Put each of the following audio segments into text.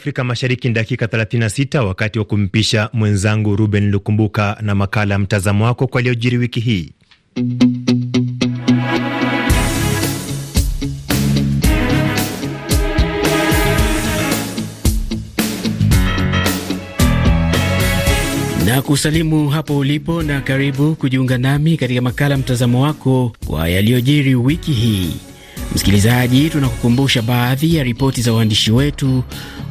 Afrika Mashariki ni dakika 36, wakati wa kumpisha mwenzangu Ruben Lukumbuka na makala mtazamo wako kwa aliyojiri wiki hii. na kusalimu hapo ulipo na karibu kujiunga nami katika makala mtazamo wako kwa yaliyojiri wiki hii. Msikilizaji, tunakukumbusha baadhi ya ripoti za waandishi wetu,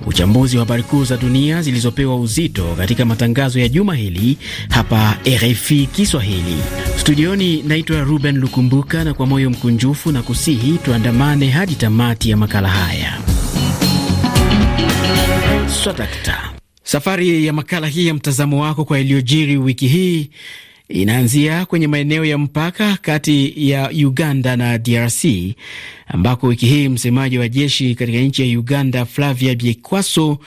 uchambuzi wa habari kuu za dunia zilizopewa uzito katika matangazo ya juma hili hapa RFI Kiswahili. Studioni naitwa Ruben Lukumbuka, na kwa moyo mkunjufu na kusihi tuandamane hadi tamati ya makala haya. Swadakta. Safari ya makala hii ya mtazamo wako kwa iliyojiri wiki hii inaanzia kwenye maeneo ya mpaka kati ya Uganda na DRC ambako wiki hii msemaji wa jeshi katika nchi ya Uganda Flavia Biekwaso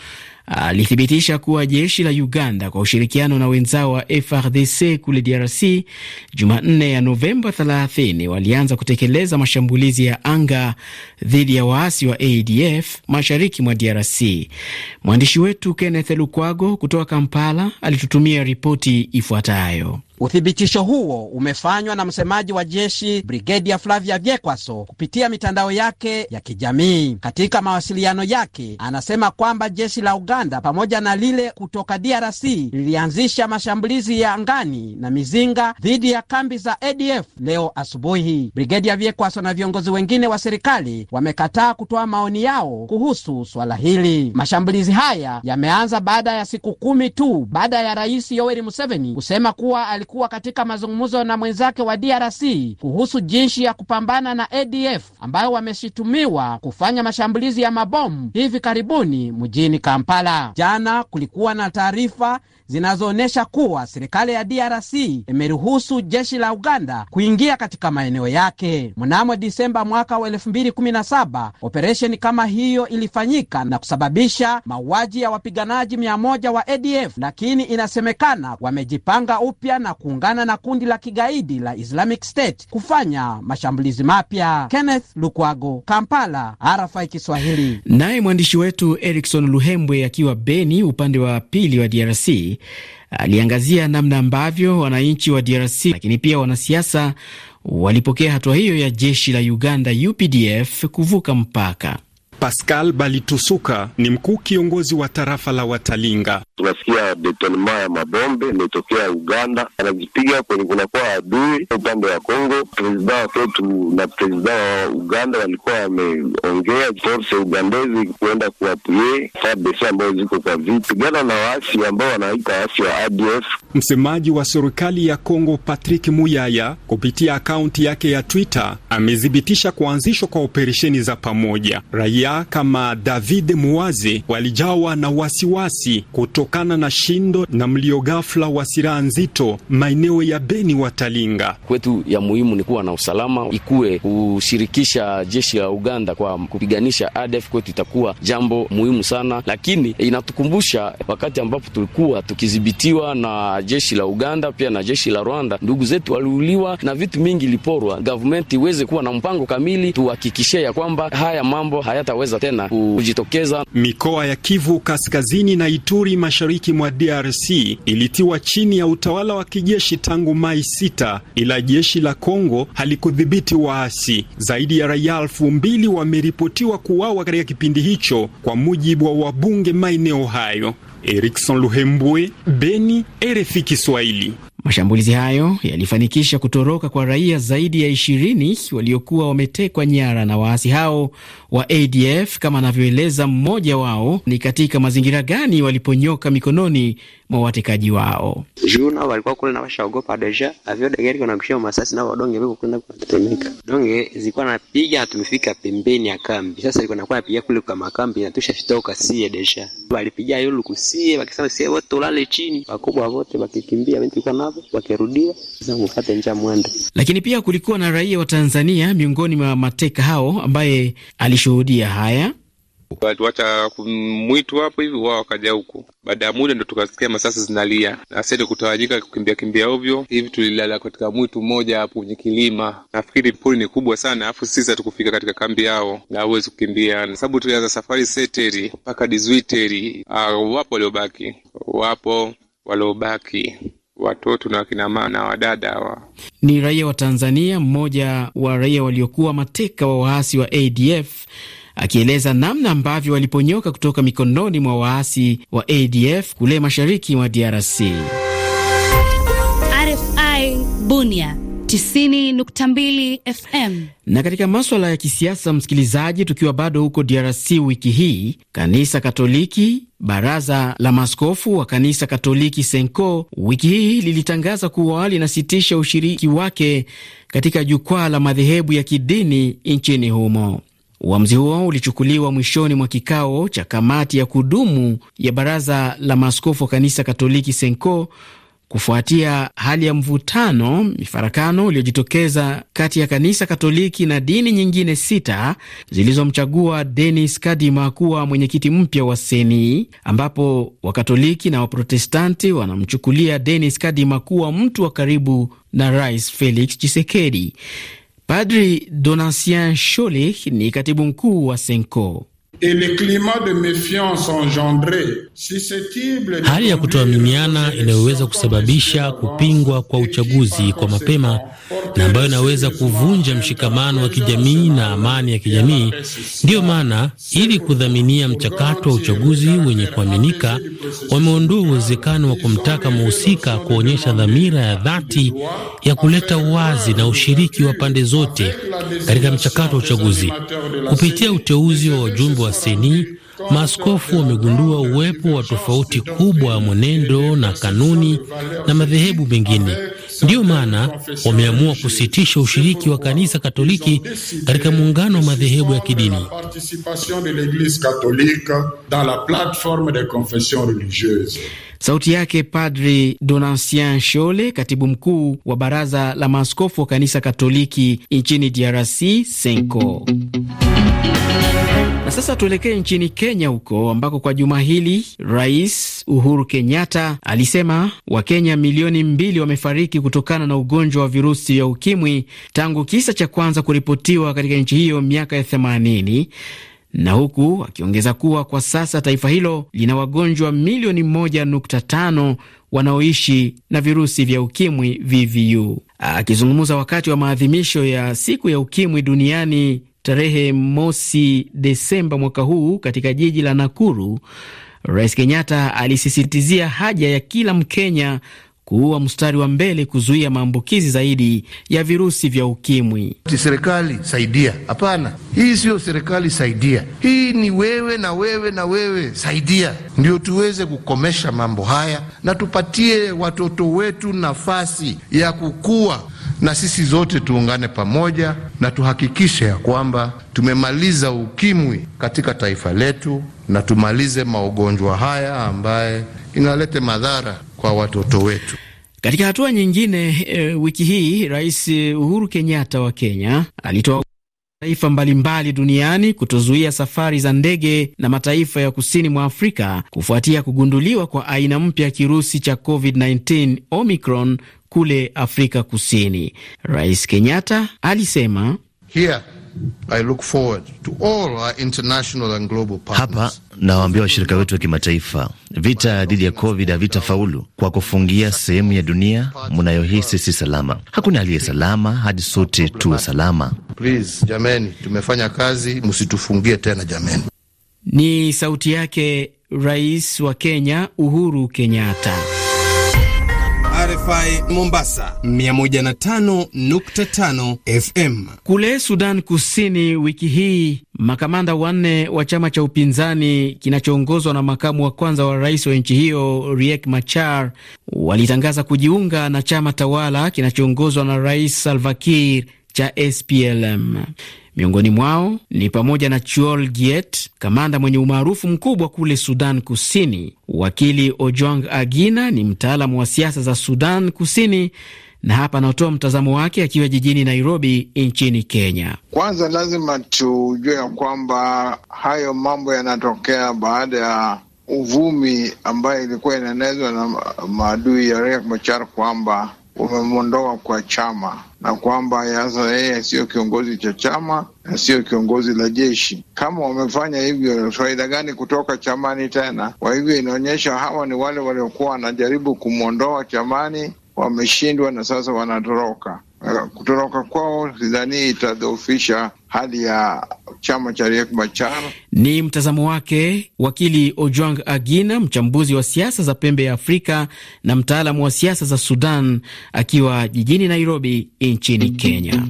alithibitisha kuwa jeshi la Uganda kwa ushirikiano na wenzao wa FRDC kule DRC Jumanne ya Novemba 30 walianza kutekeleza mashambulizi ya anga dhidi ya waasi wa ADF mashariki mwa DRC. Mwandishi wetu Kenneth Lukwago kutoka Kampala alitutumia ripoti ifuatayo. Uthibitisho huo umefanywa na msemaji wa jeshi Brigedia Flavia Vyekwaso kupitia mitandao yake ya kijamii. Katika mawasiliano yake, anasema kwamba jeshi la Uganda pamoja na lile kutoka DRC lilianzisha mashambulizi ya angani na mizinga dhidi ya kambi za ADF leo asubuhi. Brigedia Vyekwaso na viongozi wengine wa serikali wamekataa kutoa maoni yao kuhusu swala hili. Mashambulizi haya yameanza baada ya siku kumi tu baada ya Rais Yoweri Museveni kusema kuwa alikuwa katika mazungumzo na mwenzake wa DRC kuhusu jinsi ya kupambana na ADF ambayo wameshitumiwa kufanya mashambulizi ya mabomu hivi karibuni mjini Kampala. Jana kulikuwa na taarifa zinazoonyesha kuwa serikali ya DRC imeruhusu jeshi la Uganda kuingia katika maeneo yake. Mnamo Disemba mwaka wa 2017 operesheni kama hiyo ilifanyika na kusababisha mauaji ya wapiganaji 1 wa ADF, lakini inasemekana wamejipanga upya na na kuungana na kundi la kigaidi la Islamic State kufanya mashambulizi mapya. Kenneth Lukwago, Kampala, RFI Kiswahili. Naye mwandishi wetu Erikson Luhembwe akiwa Beni upande wa pili wa DRC aliangazia namna ambavyo wananchi wa DRC lakini pia wanasiasa walipokea hatua hiyo ya jeshi la Uganda UPDF kuvuka mpaka. Pascal Balitusuka ni mkuu kiongozi wa tarafa la Watalinga tunasikia detonema ya mabombe imetokea Uganda, anajipiga kwenye kunakuwa adui upande wa Kongo. Prezida wetu na presida wa Uganda walikuwa wameongea force ugandezi kuenda kuwapue FARDC ambayo ziko kwa vita pigana na waasi ambao wanaita waasi wa ADF. Msemaji wa serikali ya Kongo Patrick Muyaya kupitia akaunti yake ya Twitter amethibitisha kuanzishwa kwa operesheni za pamoja. Raia kama David Muwazi walijawa na wasiwasi kuto kutokana na shindo na mlio ghafla wa silaha nzito maeneo ya Beni Watalinga. Kwetu ya muhimu ni kuwa na usalama, ikuwe kushirikisha jeshi la Uganda kwa kupiganisha ADF kwetu itakuwa jambo muhimu sana, lakini inatukumbusha wakati ambapo tulikuwa tukidhibitiwa na jeshi la Uganda pia na jeshi la Rwanda, ndugu zetu waliuliwa na vitu mingi iliporwa. Gavumenti iweze kuwa na mpango kamili, tuhakikishe ya kwamba haya mambo hayataweza tena kujitokeza. Mikoa ya Kivu Kaskazini na Ituri mashariki mwa DRC ilitiwa chini ya utawala wa kijeshi tangu Mai 6, ila jeshi la Kongo halikudhibiti waasi. Zaidi ya raia elfu mbili wameripotiwa kuuawa katika kipindi hicho, kwa mujibu wa wabunge maeneo hayo. Erikson Luhembwe, Beni, RFI Kiswahili. Mashambulizi hayo yalifanikisha kutoroka kwa raia zaidi ya ishirini waliokuwa wametekwa nyara na waasi hao wa ADF, kama anavyoeleza mmoja wao. Ni katika mazingira gani waliponyoka mikononi mwa watekaji wao. Juna walikuwa kule na washaogopa deja avyo degeri kuna kushia masasi na wadonge biko kuna kutetemeka donge zilikuwa napiga, tumefika pembeni ya kambi. Sasa ilikuwa nakuwa napiga kule kwa makambi na tusha fitoka siye deja walipiga yulu kusie, wakisema siye wote ulale chini, wakubwa wote wakikimbia, mimi tulikuwa navo wakirudia, sasa mfuate njia mwende. Lakini pia kulikuwa na raia wa Tanzania miongoni mwa mateka hao ambaye alishuhudia haya waliwacha mwitu hapo hivi, wao wakaja huku. Baada ya muda ndo tukasikia masasi zinalia, na sasa kutawanyika kukimbia kimbia ovyo hivi. Tulilala katika mwitu mmoja hapo kwenye kilima, nafikiri pori ni kubwa sana, alafu sisi hatukufika katika kambi yao na huwezi kukimbia, sababu tulianza safari seteri mpaka dizwiteri. Uh, ah, wapo waliobaki, wapo waliobaki watoto na wakina mama na wadada hawa ni raia wa Tanzania, mmoja wa raia waliokuwa mateka wa waasi wa ADF akieleza namna ambavyo waliponyoka kutoka mikononi mwa waasi wa ADF kule mashariki mwa DRC. RFI Bunia 90.2 FM. Na katika maswala ya kisiasa, msikilizaji, tukiwa bado huko DRC, wiki hii kanisa Katoliki, baraza la maskofu wa kanisa Katoliki Senko, wiki hii lilitangaza kuwa linasitisha ushiriki wake katika jukwaa la madhehebu ya kidini nchini humo. Uamuzi huo ulichukuliwa mwishoni mwa kikao cha kamati ya kudumu ya baraza la maaskofu wa kanisa Katoliki Senko kufuatia hali ya mvutano, mifarakano uliojitokeza kati ya kanisa Katoliki na dini nyingine sita zilizomchagua Denis Kadima kuwa mwenyekiti mpya wa Seni, ambapo Wakatoliki na Waprotestanti wanamchukulia Denis Kadima kuwa mtu wa karibu na Rais Felix chisekedi Padri Donancien Chole ni katibu mkuu wa Senko et le climat de méfiance engendre hali ya kutoaminiana inayoweza kusababisha kupingwa kwa uchaguzi kwa mapema na ambayo inaweza kuvunja mshikamano wa kijamii na amani ya kijamii. Ndiyo maana ili kudhaminia mchakato wa uchaguzi wenye kuaminika, wameondoa uwezekano wa kumtaka mhusika kuonyesha dhamira ya dhati ya kuleta uwazi na ushiriki wa pande zote katika mchakato wa uchaguzi kupitia uteuzi wa wajumbe wa seni, maaskofu wamegundua uwepo wa tofauti kubwa ya mwenendo na kanuni na madhehebu mengine. Ndiyo maana wameamua kusitisha ushiriki wa kanisa Katoliki katika muungano wa madhehebu ya kidini. Sauti yake Padri Donancien Shole, katibu mkuu wa baraza la maaskofu wa kanisa Katoliki nchini DRC, Senko sasa tuelekee nchini Kenya huko ambako kwa juma hili Rais Uhuru Kenyatta alisema Wakenya milioni mbili wamefariki kutokana na ugonjwa wa virusi vya ukimwi tangu kisa cha kwanza kuripotiwa katika nchi hiyo miaka ya 80 na huku akiongeza kuwa kwa sasa taifa hilo lina wagonjwa milioni 1.5 wanaoishi na virusi vya ukimwi VVU. Akizungumza wakati wa maadhimisho ya siku ya ukimwi duniani tarehe mosi Desemba mwaka huu katika jiji la Nakuru, Rais Kenyatta alisisitizia haja ya kila Mkenya kuwa mstari wa mbele kuzuia maambukizi zaidi ya virusi vya ukimwi. Serikali saidia? Hapana, hii siyo serikali saidia, hii ni wewe na wewe na wewe saidia, ndio tuweze kukomesha mambo haya na tupatie watoto wetu nafasi ya kukua na sisi zote tuungane pamoja na tuhakikishe ya kwamba tumemaliza ukimwi katika taifa letu na tumalize magonjwa haya ambaye inaleta madhara kwa watoto wetu. Katika hatua nyingine, e, wiki hii Rais Uhuru Kenyatta wa Kenya alitoa mataifa mbalimbali duniani kutozuia safari za ndege na mataifa ya kusini mwa Afrika kufuatia kugunduliwa kwa aina mpya ya kirusi cha COVID-19 Omicron kule Afrika Kusini. Rais Kenyatta alisema Here. I look forward to all our international and global partners. Hapa nawaambia washirika wetu wa kimataifa, vita dhidi ya COVID havita faulu kwa kufungia sehemu ya dunia mnayohisi si salama. Hakuna aliye salama hadi sote tuwe salama. Please, jameni, tumefanya kazi, msitufungie tena jameni. Ni sauti yake Rais wa Kenya Uhuru Kenyatta. RFI Mombasa 105.5 FM. Kule Sudan Kusini wiki hii makamanda wanne wa chama cha upinzani kinachoongozwa na makamu wa kwanza wa rais wa nchi hiyo Riek Machar walitangaza kujiunga na chama tawala kinachoongozwa na Rais Salva Kiir cha SPLM. Miongoni mwao ni pamoja na Chuol Giet, kamanda mwenye umaarufu mkubwa kule Sudan Kusini. Wakili ojong Agina ni mtaalamu wa siasa za Sudan Kusini na hapa anaotoa mtazamo wake akiwa jijini Nairobi nchini Kenya. Kwanza lazima tujue ya kwamba hayo mambo yanatokea baada ya uvumi ambayo ilikuwa inaenezwa na maadui ya Riek Machar kwamba umemwondoa kwa chama na kwamba sasa yeye siyo kiongozi cha chama na siyo kiongozi la jeshi. Kama wamefanya hivyo, faida gani kutoka chamani tena? Kwa hivyo inaonyesha hawa ni wale waliokuwa wanajaribu kumwondoa chamani, wameshindwa na sasa wanatoroka. Eh, kutoroka kwao sidhani itadhoofisha hali ya chama cha Riek Machar. Ni mtazamo wake wakili ojuang Agina, mchambuzi wa siasa za pembe ya Afrika na mtaalamu wa siasa za Sudan, akiwa jijini Nairobi nchini Kenya.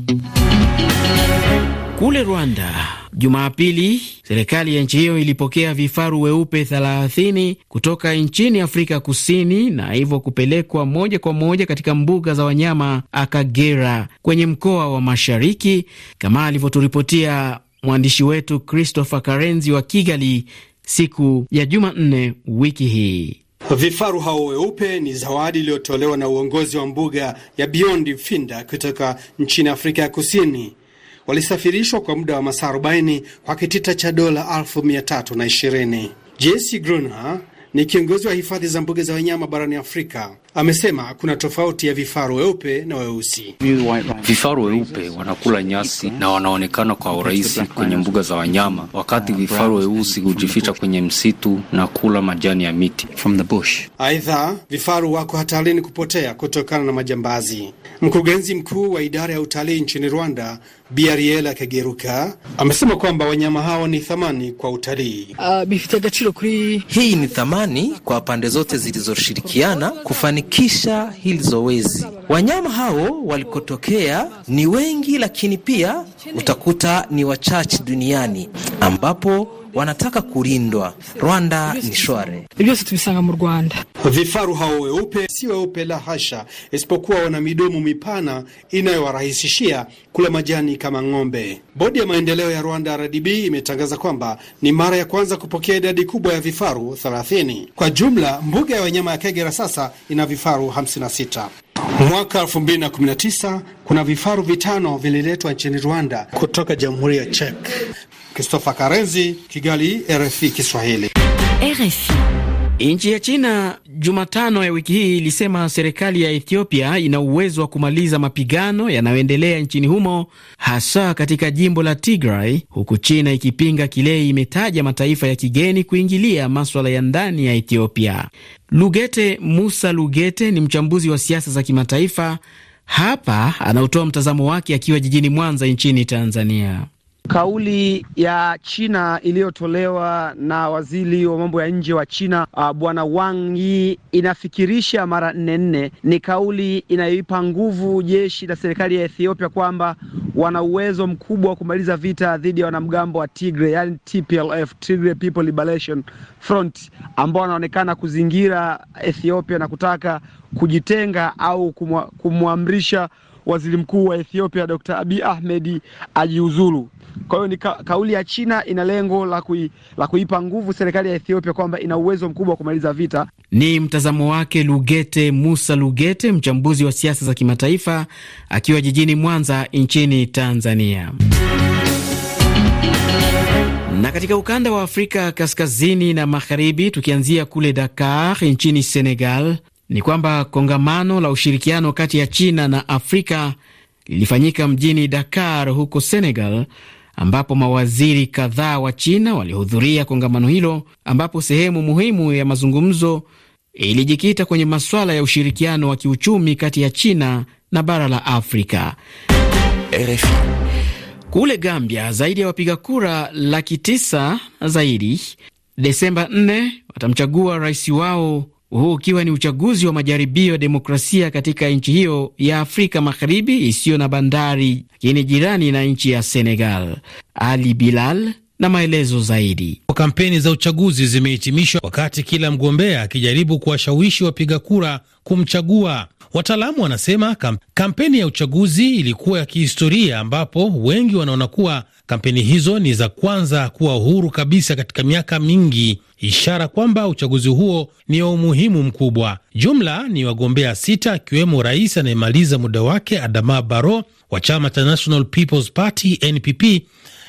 Kule Rwanda Jumapili serikali ya nchi hiyo ilipokea vifaru weupe 30 kutoka nchini Afrika Kusini na hivyo kupelekwa moja kwa moja katika mbuga za wanyama Akagera kwenye mkoa wa Mashariki, kama alivyoturipotia mwandishi wetu Christopher Karenzi wa Kigali siku ya Jumanne wiki hii. Vifaru hao weupe ni zawadi iliyotolewa na uongozi wa mbuga ya Beyond Finda kutoka nchini Afrika ya Kusini walisafirishwa kwa muda wa masaa 40 kwa kitita cha dola 320 mia Grunha ni kiongozi wa hifadhi za mbuga za wanyama barani Afrika Amesema kuna tofauti ya vifaru weupe na weusi. Vifaru weupe wanakula nyasi na wanaonekana kwa urahisi kwenye mbuga za wanyama, wakati vifaru weusi hujificha kwenye msitu na kula majani ya miti. Aidha, vifaru wako hatarini kupotea kutokana na majambazi. Mkurugenzi mkuu wa idara ya utalii nchini Rwanda Biariel Akageruka amesema kwamba wanyama hao ni thamani kwa utalii. Uh, hii ni thamani kwa pande zote zilizoshirikiana kufani kufanikisha hili zoezi. Wanyama hao walikotokea ni wengi, lakini pia utakuta ni wachache duniani ambapo wanataka kulindwa. Rwanda ni shware vyose tuvisanga mu Rwanda. Vifaru hao weupe si weupe, la hasha, isipokuwa wana midomo mipana inayowarahisishia kula majani kama ng'ombe. Bodi ya maendeleo ya Rwanda RDB imetangaza kwamba ni mara ya kwanza kupokea idadi kubwa ya vifaru 30. Kwa jumla mbuga ya wanyama ya Kagera sasa ina vifaru 56. Mwaka 2019 kuna vifaru vitano vililetwa nchini Rwanda kutoka Jamhuri ya Czech. Christopher Karenzi, Kigali, RFI Kiswahili. RFI. Nchi ya China Jumatano ya wiki hii ilisema serikali ya Ethiopia ina uwezo wa kumaliza mapigano yanayoendelea nchini humo hasa katika jimbo la Tigray, huku China ikipinga kile imetaja mataifa ya kigeni kuingilia maswala ya ndani ya Ethiopia. Lugete Musa Lugete ni mchambuzi wa siasa za kimataifa, hapa anaotoa mtazamo wake akiwa jijini Mwanza nchini Tanzania. Kauli ya China iliyotolewa na waziri wa mambo ya nje wa China uh, bwana Wang Yi inafikirisha mara nne nne. Ni kauli inayoipa nguvu jeshi la serikali ya Ethiopia kwamba wana uwezo mkubwa wa kumaliza vita dhidi ya wanamgambo wa Tigre, yani TPLF, Tigre People Liberation Front, ambao wanaonekana kuzingira Ethiopia na kutaka kujitenga au kumwa, kumwamrisha waziri mkuu wa Ethiopia Dr. Abiy Ahmed ajiuzulu. Kwa hiyo ni ka, kauli ya China ina lengo la, kui, la kuipa nguvu serikali ya Ethiopia kwamba ina uwezo mkubwa wa kumaliza vita. Ni mtazamo wake Lugete Musa Lugete, mchambuzi wa siasa za kimataifa akiwa jijini Mwanza nchini Tanzania. Na katika ukanda wa Afrika kaskazini na magharibi, tukianzia kule Dakar nchini Senegal, ni kwamba kongamano la ushirikiano kati ya China na Afrika lilifanyika mjini Dakar huko Senegal, ambapo mawaziri kadhaa wa China walihudhuria kongamano hilo, ambapo sehemu muhimu ya mazungumzo ilijikita kwenye masuala ya ushirikiano wa kiuchumi kati ya China na bara la Afrika. RF. Kule Gambia zaidi ya wapiga kura laki tisa zaidi Desemba 4 watamchagua rais wao huu ukiwa ni uchaguzi wa majaribio ya demokrasia katika nchi hiyo ya Afrika Magharibi isiyo na bandari lakini jirani na nchi ya Senegal. Ali Bilal na maelezo zaidi. Kampeni za uchaguzi zimehitimishwa wakati kila mgombea akijaribu kuwashawishi wapiga kura kumchagua. Wataalamu wanasema kam kampeni ya uchaguzi ilikuwa ya kihistoria, ambapo wengi wanaona kuwa kampeni hizo ni za kwanza kuwa huru kabisa katika miaka mingi, ishara kwamba uchaguzi huo ni wa umuhimu mkubwa. Jumla ni wagombea sita, akiwemo rais anayemaliza muda wake Adama Barrow wa chama cha National People's Party NPP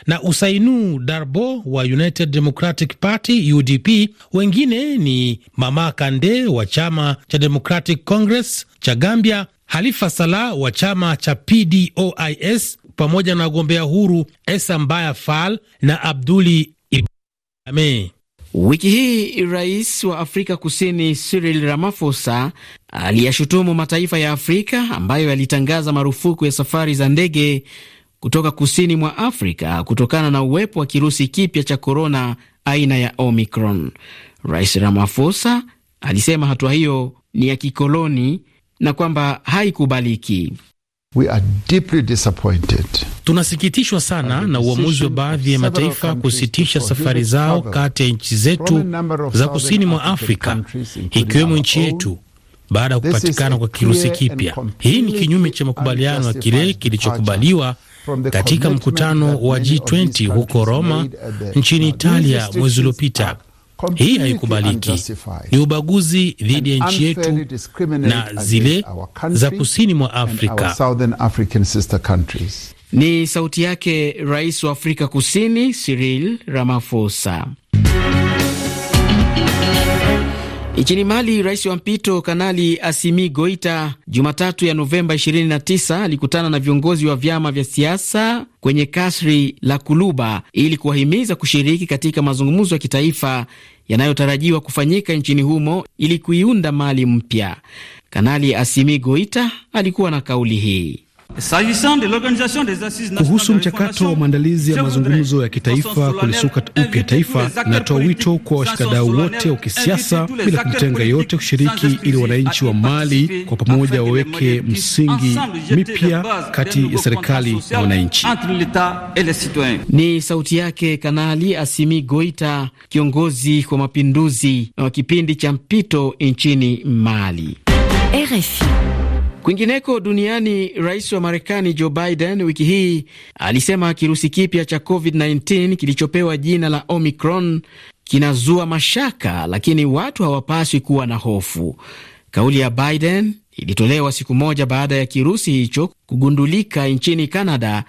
na Usainu Darbo wa United Democratic Party UDP. Wengine ni Mama Kande wa chama cha Democratic Congress cha Gambia, Halifa Salah wa chama cha PDOIS pamoja na wagombea huru Esa Mbaya Fall na Abduli Ibame. Wiki hii rais wa Afrika Kusini Cyril Ramaphosa aliyashutumu mataifa ya Afrika ambayo yalitangaza marufuku ya safari za ndege kutoka kusini mwa Afrika kutokana na uwepo wa kirusi kipya cha korona aina ya Omicron. Rais Ramaphosa alisema hatua hiyo ni ya kikoloni na kwamba haikubaliki. We are deeply disappointed. Tunasikitishwa sana na uamuzi wa baadhi ya mataifa kusitisha safari zao kati ya nchi zetu za kusini mwa Afrika ikiwemo nchi yetu baada ya kupatikana kwa kirusi kipya. Hii ni kinyume cha makubaliano ya kile kilichokubaliwa katika mkutano wa G20 huko Roma nchini Italia mwezi uliopita. Hii haikubaliki, ni ubaguzi dhidi ya nchi yetu na zile za kusini mwa Afrika. Ni sauti yake Rais wa Afrika Kusini Cyril Ramaphosa. Nchini Mali, rais wa mpito Kanali Asimi Goita Jumatatu ya Novemba 29 alikutana na viongozi wa vyama vya siasa kwenye kasri la Kuluba ili kuwahimiza kushiriki katika mazungumzo ya kitaifa yanayotarajiwa kufanyika nchini humo ili kuiunda Mali mpya. Kanali Asimi Goita alikuwa na kauli hii: kuhusu mchakato wa maandalizi ya mazungumzo ya kitaifa kulisuka upya taifa, inatoa wito kwa washikadau wote wa kisiasa bila kumtenga yeyote kushiriki, ili wananchi wa Mali kwa pamoja waweke msingi mipya kati ya serikali na wananchi. Ni sauti yake Kanali Asimi Goita, kiongozi wa mapinduzi na wa kipindi cha mpito nchini Mali. RFI. Kwingineko duniani, rais wa Marekani Joe Biden wiki hii alisema kirusi kipya cha COVID-19 kilichopewa jina la Omicron kinazua mashaka, lakini watu hawapaswi kuwa na hofu. Kauli ya Biden ilitolewa siku moja baada ya kirusi hicho kugundulika nchini canada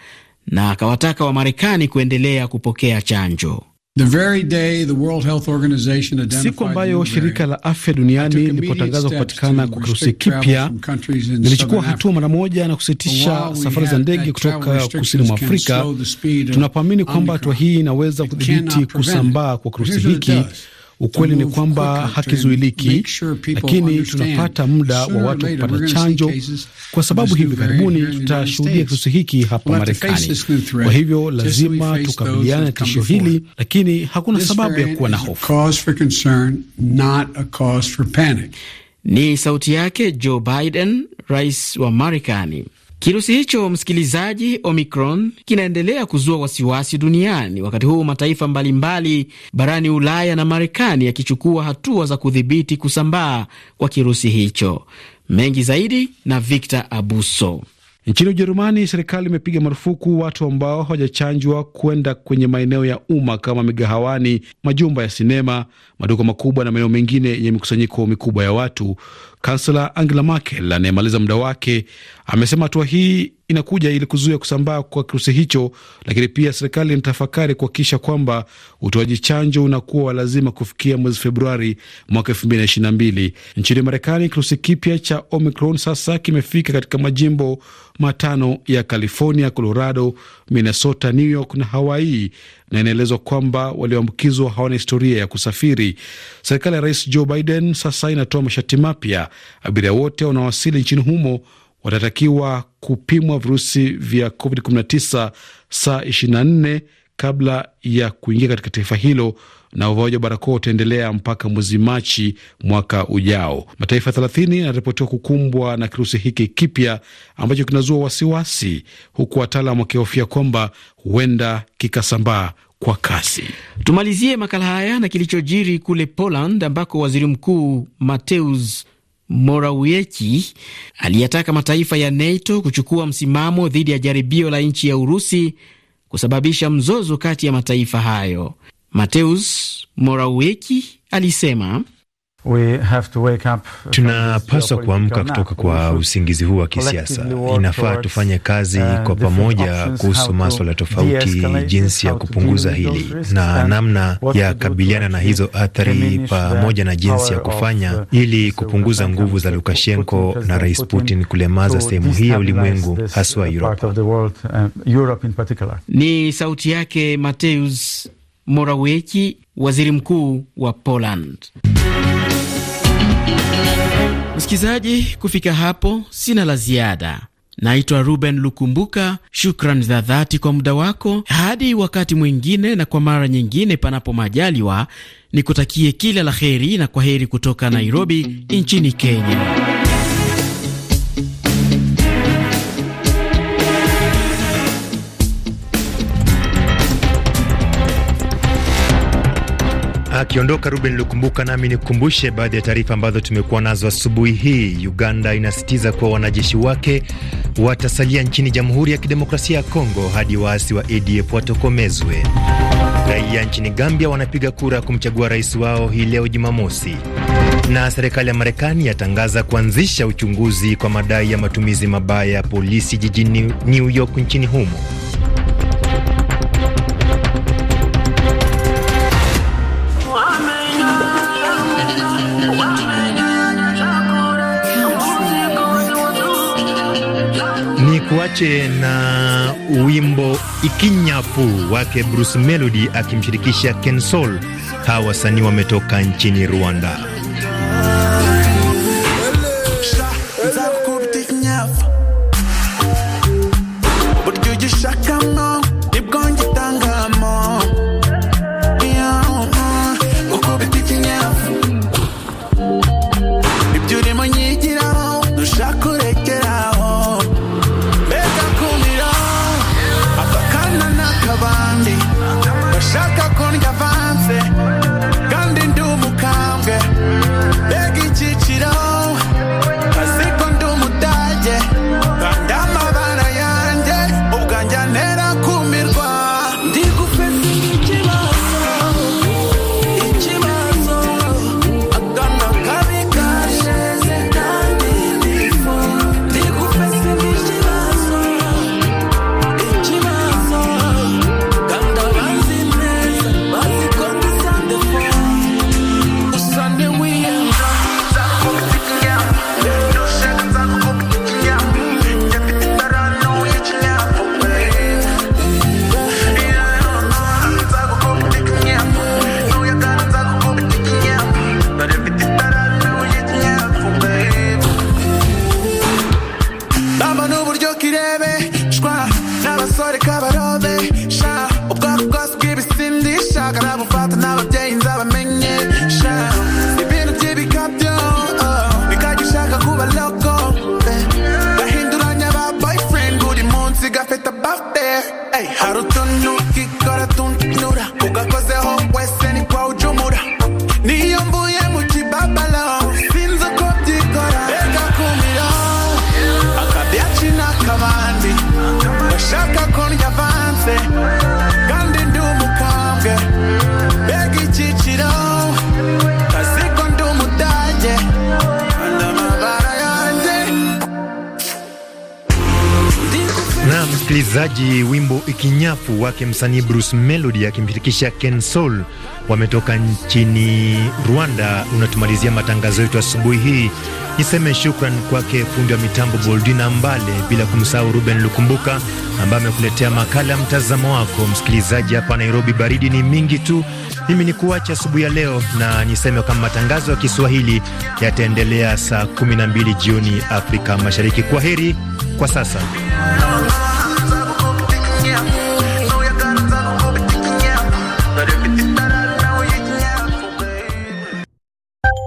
na akawataka Wamarekani kuendelea kupokea chanjo. The very day the World Health Organization siku ambayo shirika la afya duniani lilipotangaza kupatikana kwa kirusi kipya nilichukua hatua mara moja na kusitisha safari za ndege kutoka kusini mwa Afrika, tunapoamini kwamba hatua hii inaweza kudhibiti kusambaa kwa kirusi hiki Ukweli ni kwamba hakizuiliki, lakini tunapata muda wa watu kupata chanjo, kwa sababu hivi karibuni tutashuhudia kirusi hiki hapa Marekani. Kwa hivyo lazima tukabiliana na tishio hili, lakini hakuna sababu ya kuwa na hofu. Ni sauti yake Joe Biden, rais wa Marekani. Kirusi hicho msikilizaji, Omicron, kinaendelea kuzua wasiwasi duniani, wakati huu mataifa mbalimbali barani Ulaya na Marekani yakichukua hatua za kudhibiti kusambaa kwa kirusi hicho. Mengi zaidi na Victor Abuso. Nchini Ujerumani, serikali imepiga marufuku watu ambao hawajachanjwa kwenda kwenye maeneo ya umma kama migahawani, majumba ya sinema, maduka makubwa na maeneo mengine yenye mikusanyiko mikubwa ya watu. Kansela Angela Merkel anayemaliza muda wake amesema hatua hii inakuja ili kuzuia kusambaa kwa kirusi hicho, lakini pia serikali inatafakari kuhakikisha kwamba utoaji chanjo unakuwa wa lazima kufikia mwezi Februari mwaka mbili. Nchini Marekani, kirusi kipya cha Omicron sasa kimefika katika majimbo matano ya California, Colorado, Minnesota, New York na Hawaii, na inaelezwa kwamba walioambukizwa hawana historia ya kusafiri. Serikali ya Rais Joe Biden sasa inatoa masharti mapya. Abiria wote wanaowasili nchini humo watatakiwa kupimwa virusi vya COVID-19 saa 24 kabla ya kuingia katika taifa hilo, na uvaaji wa barakoa utaendelea mpaka mwezi Machi mwaka ujao. Mataifa 30 yanaripotiwa kukumbwa na kirusi hiki kipya ambacho kinazua wasiwasi, huku wataalam wakihofia kwamba huenda kikasambaa kwa kasi. Tumalizie makala haya na kilichojiri kule Poland ambako waziri mkuu Mateusz Morawiecki aliyataka mataifa ya NATO kuchukua msimamo dhidi ya jaribio la nchi ya Urusi kusababisha mzozo kati ya mataifa hayo. Mateus Moraweki alisema Uh, Tunapaswa kuamka kutoka kwa usingizi huu wa kisiasa. Inafaa tufanye kazi kwa pamoja kuhusu maswala tofauti, jinsi ya kupunguza hili na namna ya kabiliana na hizo athari, pamoja na jinsi ya kufanya ili kupunguza nguvu za Lukashenko na Rais Putin kulemaza sehemu hii ya ulimwengu, uh, haswa Uropa. Uh, Ni sauti yake Mateusz Morawiecki, waziri mkuu wa Poland. Msikilizaji, kufika hapo sina la ziada. Naitwa Ruben Lukumbuka. Shukran za dhati kwa muda wako. Hadi wakati mwingine, na kwa mara nyingine, panapo majaliwa, nikutakie kila la heri na kwa heri kutoka Nairobi nchini Kenya. Akiondoka Ruben Lukumbuka, nami nikukumbushe baadhi ya taarifa ambazo tumekuwa nazo asubuhi hii. Uganda inasisitiza kuwa wanajeshi wake watasalia nchini Jamhuri ya Kidemokrasia ya Kongo hadi waasi wa ADF watokomezwe. Raia nchini Gambia wanapiga kura kumchagua rais wao hii leo Jumamosi, na serikali ya Marekani yatangaza kuanzisha uchunguzi kwa madai ya matumizi mabaya ya polisi jijini New York nchini humo. nikuache na wimbo Ikinyapu wake Bruce Melody akimshirikisha Kensol. Hawa wasanii wametoka nchini Rwanda. Msikilizaji, wimbo ikinyafu wake msanii Bruce Melody akimshirikisha Ken Soul wametoka nchini Rwanda. Unatumalizia matangazo yetu asubuhi hii. Niseme shukran kwake fundi wa mitambo Boldina Mbale, bila kumsahau Ruben Lukumbuka ambaye amekuletea makala ya mtazamo wako. Msikilizaji, hapa Nairobi baridi ni mingi tu. Mimi ni kuacha asubuhi ya leo, na niseme kama matangazo ya Kiswahili yataendelea saa 12 jioni Afrika Mashariki. Kwa heri kwa sasa.